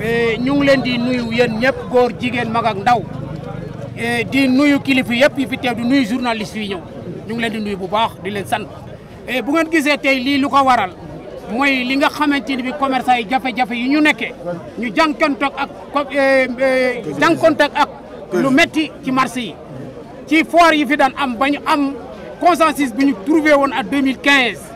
Eh, ñu ngi leen di nuyu yéen ñëpp góor jigéen mag ak ndaw eh, di nuyu kilifa yëpp yi fi teew di nuyu journaliste yi ñëw ñu ngi di nuyu bu baax di leen sant eh, bu ngeen gisee tey lii lu ko waral mooy li nga xamante ni bi commerçant yi jafe-jafe yi ñu nekke ñu jànkontoog ak jànkontoog ak lu metti ci marché yi ci foire yi fi daan am bañ am consensus bi ñu trouvé woon à 2015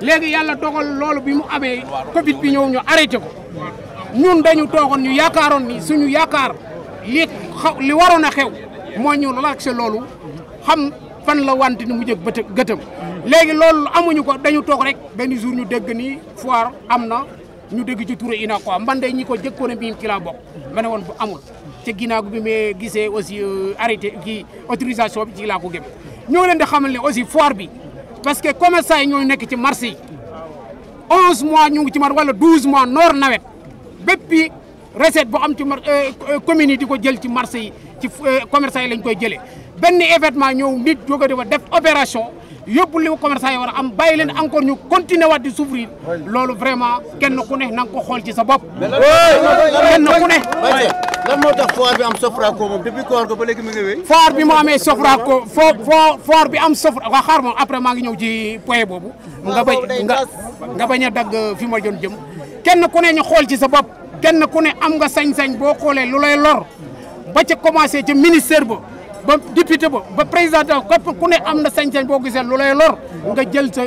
léegi yàlla dogal loolu bi mu amee Covid bi ñëw ñu arrêté ko ñun dañu toogoon ñu yaakaaroon ni suñu yaakaar li xaw li waroon a xew mooy ñu relaxé loolu xam fan la wante ni mu jëg bët gëtëm léegi loolu amuñu ko dañu toog rek benn jour ñu dégg ni foire am na ñu dégg ci Touré ina quoi man de ñi ko jëkkoon a miin ci laa bokk ma ne woon bu amul te ginnaaw bi mais gisee aussi euh, arrêté kii autorisation bi ci laa ko gëm ñoo leen di xamal ne aussi foire bi parce que les commerçants nous nekk ci marché 11 mois nous sommes ci 12 mois noor nawet la recette les la ci de Marseille, de Marseille. ko jël ci marché ci euh, commerçant yi lañ koy yóbbu li commerçant yi war a am bàyyi leen encore ñu continuer waat di souffrir loolu vraiment kenn ku ne na nga xool ci sa bopp. kenn ku ne. lan moo tax foire bi am Sofraco moom depuis ko ba léegi mu ngi bi mu amee Sofraco foo foo foire bi am Sofraco waaw après maa ngi ñëw ci point boobu. nga bañ nga bañ a dagg fi ma doon jëm. kenn ku ne ñu xool ci sa bopp kenn ku ne am nga sañ boo xoolee lu lay lor ba ca commencé ci ministère ba. ba député ba ba président képp ku ne am na sañ-sañ boo gisee lu lay nga jël sa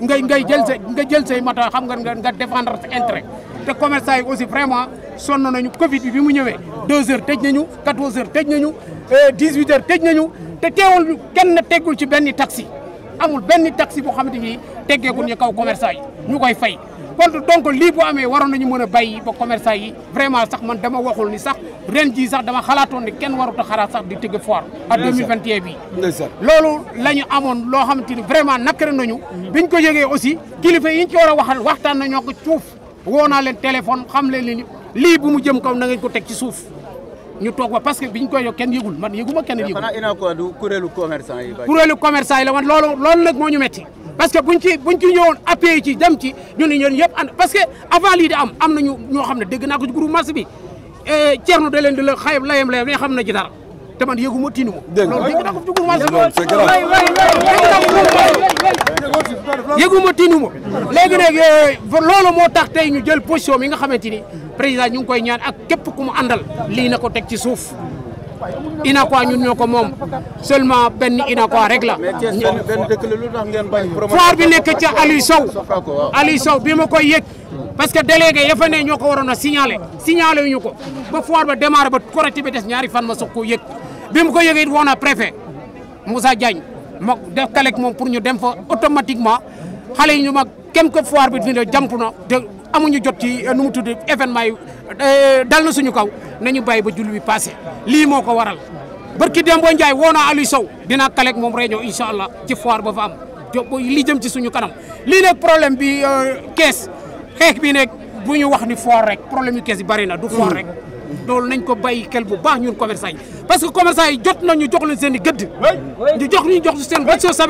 ngay jël sa nga jël say mata xam nga nga défendre sa intérêt te commerçant yi aussi vraiment sonn nañu Covid bi bi mu ñëwee 2 heures tëj nañu 14 heures tëj nañu 18 euh, heures tëj nañu te teewul kenn teggul ci benn taxi amul benn taxi boo xamante ni teggeeguñu kaw commerçant yi ñu koy fay. kon donc lii bu amee waroon nañu mën a bàyyi ba commerçant yi vraiment sax man dama waxul ni sax ren ji sax dama xalaatoon ni kenn warut a xalaat sax di tëgg foire ak 2021 bi loolu la ñu amoon loo xamante ni vraiment nakare nañu biñ ko yëgee aussi kilifa yi ñu war a waxal waxtaan nañoo ko cuuf woo naa leen téléphone xam leen ni lii bu mu jëm kaw na ngeen ko teg ci suuf ñu toog ba parce que biñ koy yokk kenn yëgul man yëguma kenn yëgul kuréelu commerçant la wan loolu loolu parce que buñ ci buñ ci ñëwoon appuyé ci dem ci ñun ñun yëpp ànd parce que avant lii di am am na ñu ñoo xam ne dégg naa ko ci groupe marché bi eh, Thierno da leen di la xayam layam layam xam na ci dara te man yëgu ma tiinu ma. dégg nga dégg naa ko ci groupe marché bi yëgu ma tiinu ma moo tax tey ñu jël position mi nga xamante ni président ñu ngi koy ñaan ak képp ku mu àndal lii na ko teg ci suuf. a ñun ñoo ko moom seulement benn Unacois rek la. foire bi nekk ca Aliou Sow Aliou Sow bi ma koy yëg parce que délégué ya fa ne ñoo ko waroon a signalé signalé wu ñu ko ba foire ba démarré ba correctif bi des ñaari fan ma soog koo yëg bi ma ko yëgee it a na préfet Moussa Diagne ma def kalek moom pour ñu dem fa automatiquement xale yi ñu mag kenn ko foire bi dina jàmp na te amuñu jot ci euh, nu mu tudd événement yi. Eh, dal na suñu kaw nañu bàyyi ba julli bi passé lii moo ko waral barki Demba Ndiaye woo naa Aliou Sow dinaa kaleeg moom réunion incha allah ci foire ba fa am li jëm ci suñu kanam lii nag problème bi euh, kees xeex bi nekk bu ñu wax ni foire rek problème yu kees yi bari na du foire rek loolu nañ ko bàyyi kel bu baax ñun commerçant yi parce que commerçant yi jot nañu jox leen seen i gëdd ñu jox ñu jox seen du foire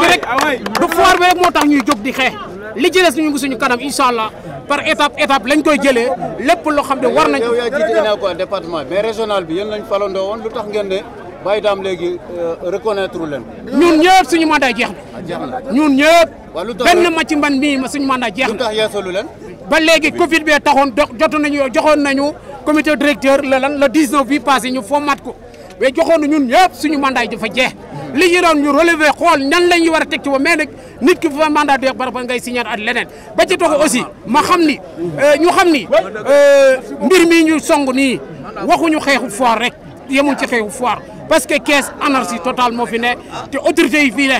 bi rek ah xaar bi rek moo tax ñuy jóg di xeex li jëlee suñu ngi suñu kanam incha allah par étap étape lañ koy jëlee lépp loo xam ne war nañ yow yaa jiite ina régional bi yéen lañ falandoo woon lu tax ngeen ne bàyyi daam léegi euh, reconnaître leen ñun ñëpp suñu mandat jeex na ah, ñun ñëpp benn ma ci mban mii suñu mandat jeex na lu tax yeesalu leen ba léegi covid bee taxoon jotoon nañu joxoon nañu comité directeur la lan le 19 bi passé ñu mat ko mais joxoon ñun ñëpp suñu mandat yi dafa jeex li ñu doon ñu relever xool nan la ñu war a teg ci ba mais nag nit ki fa mandat de bar ba ngay signé at leneen ba ci toog aussi ma xam ni euh, ñu xam ni euh, mbir ñu song nii waxuñu xeexu foire rek yemul ci xeexu foire parce que caisse anarchie totale moo fi ne te autorité yi fii ne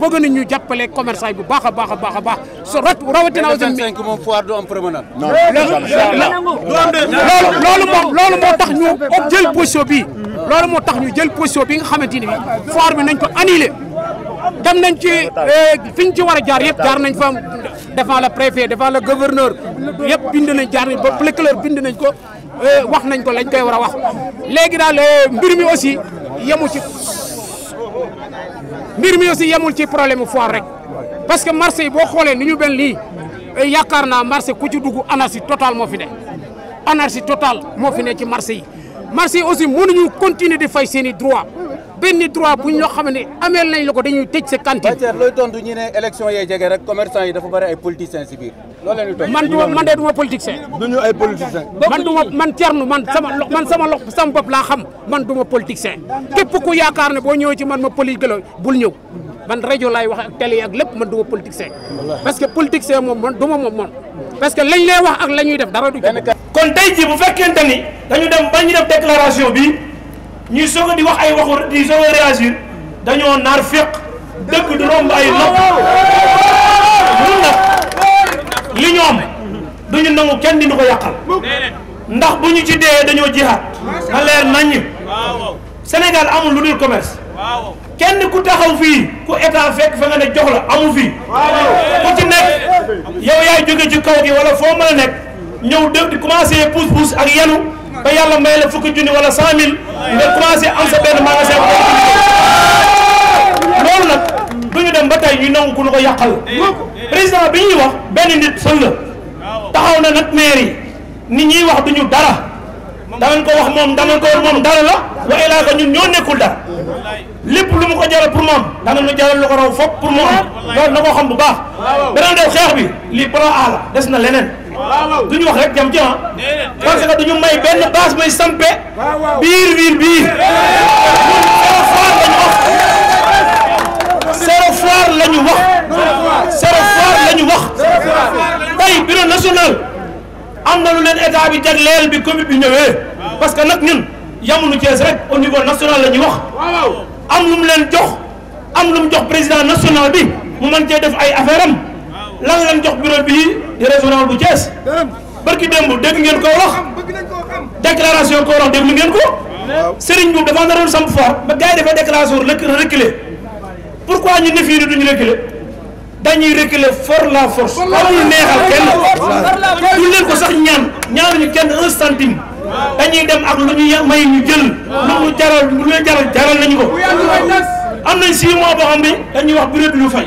bëgg nañ ñu jàppale commerçant bi bu baax a baax a baax a baax so rawatina aussi. 25 moom foire du am permanent. non loolu loolu tax ñu jël position bi loolu moo tax ñu jël position bi nga xamanteni bi foire bi nañ ko annuler dem nañ ci eh, fiñ ci wara jaar yépp jaar nañ fa devant le préfet devant le gouverneur yépp bind nañ jaar nañ ba plecleur bind nañ ko eh, wax nañ ko lañ koy war a wax léegi daal eh, mbir mi aussi yemu ci mbir mi aussi yemul ci problème foire rek parce que marché yi boo xoolee ni ñu ben lii yaakaar naa marché ku ci dugg anarchie totale moo fi ne anarchie totale moo fi ne ci marché yi marché aussi mënuñu continuer di fay seen droit benn droit bu lo xamné xam nañ lako dañuy tej sa cantine. Bacar loy tontu ñu ne élection yé jégué rek commerçant yi dafa bari ay politiciens si biir. loolu la ñuy man duma man de duma politicien. duñu ay politiciens. man duma man tiernu man sama man sama lox sama bopp la xam man duma politiciens képp ku yaakaar ne boo ñëwee ci man ma politique la bul ñëw. man radio lay wax ak télé ak lépp man duma politiciens parce que politiciens mom man duma mom moom. parce que lañ lay wax ak lañuy def dara du. kon tey jii bu fekkente ni dañu dem ba ñu def bi ñuy soog a di wax ay waxu di soog a réagir dañoo naar féq dëgg du romb ay nopp ñun nag li ñoom duñu nangu kenn di ko yàqal ndax bu ñu ci dee dañoo jihaat na leer naññ Sénégal amul lu dul commerce kenn ku taxaw fii ku état fekk fa nga ne jox la amul fii ku ci nekk yow yaay jóge ci kaw gi wala foo mën a nekk ñëw dem di commencé pousse pousse ak yenu ba yàlla may la fukki junni wala cent mille nga commencé sa benn magasin bu loolu nag du ñu dem ba tey ñu nangu ku ñu ko bi ñuy wax nit fël la na nag mairie nit ñuy wax du ñu dara danañ wax moom danañ ko wax moom la waaye ñoo nekkul dara lépp lu ko jaral pour moom danañu jaral lu ko raw baax beneen def xeex bi lii plan A des na leneen du ñu wax rek jam ci ah. parce que du ñu may benn base buy sampe biir biir biir. zéro foire la ñu wax. zéro foire la ñu wax. tey bureau national. am na lu leen état bi jagleel bi commune bi ñëwee. parce que nag ñun yamuñu Thiès rek au niveau national la ñu wax. am lu mu leen jox. am lu mu jox président national bi mu mën cee def ay affaire am. lan lañ jox bureau bii di régional bu Thiès barki démb dégg ngeen ko wax déclaration ko wax déglu ngeen ko Serigne Mboup dafa naroon samp fort ba gars yi déclaration reculer pourquoi ñu ne fii nii duñu reculer dañuy reculer la force amul neexal kenn du leen ko sax ñaan ñaanuñu kenn un centime dañuy dem ak lu ñu may ñu jël lu mu jaral lu ñu jaral jaral nañu ko am nañ six mois boo xam ne dañuy wax bureau du ñu fay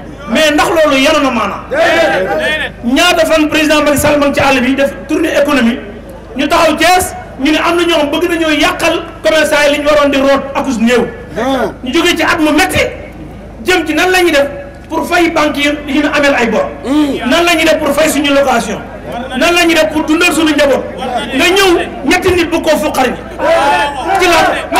mais ndax loolu yanu na maanaam. ñaata fan président Macky Sall ci àll bi def tournée économie ñu taxaw Thiès ñu ni am na ñoom bëgg nañoo yàqal commerçant yi li ñu waroon di root akus néew. ñu jógee ci at mu métti jëm ci nan la ñuy def pour fay banque yi li ñu ameel ay bor. Hmm. nan la ñuy def pour fay suñu location. nan la ñuy def pour dundal suñu njaboot. nga ñëw ñetti nit bu ko fuqari. ci laata.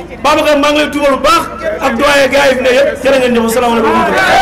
Babacar maa ngi lay tuubal bu baax ak doyen gars yi fi ne yëpp jërë ngeen jëf asalaamaaleykum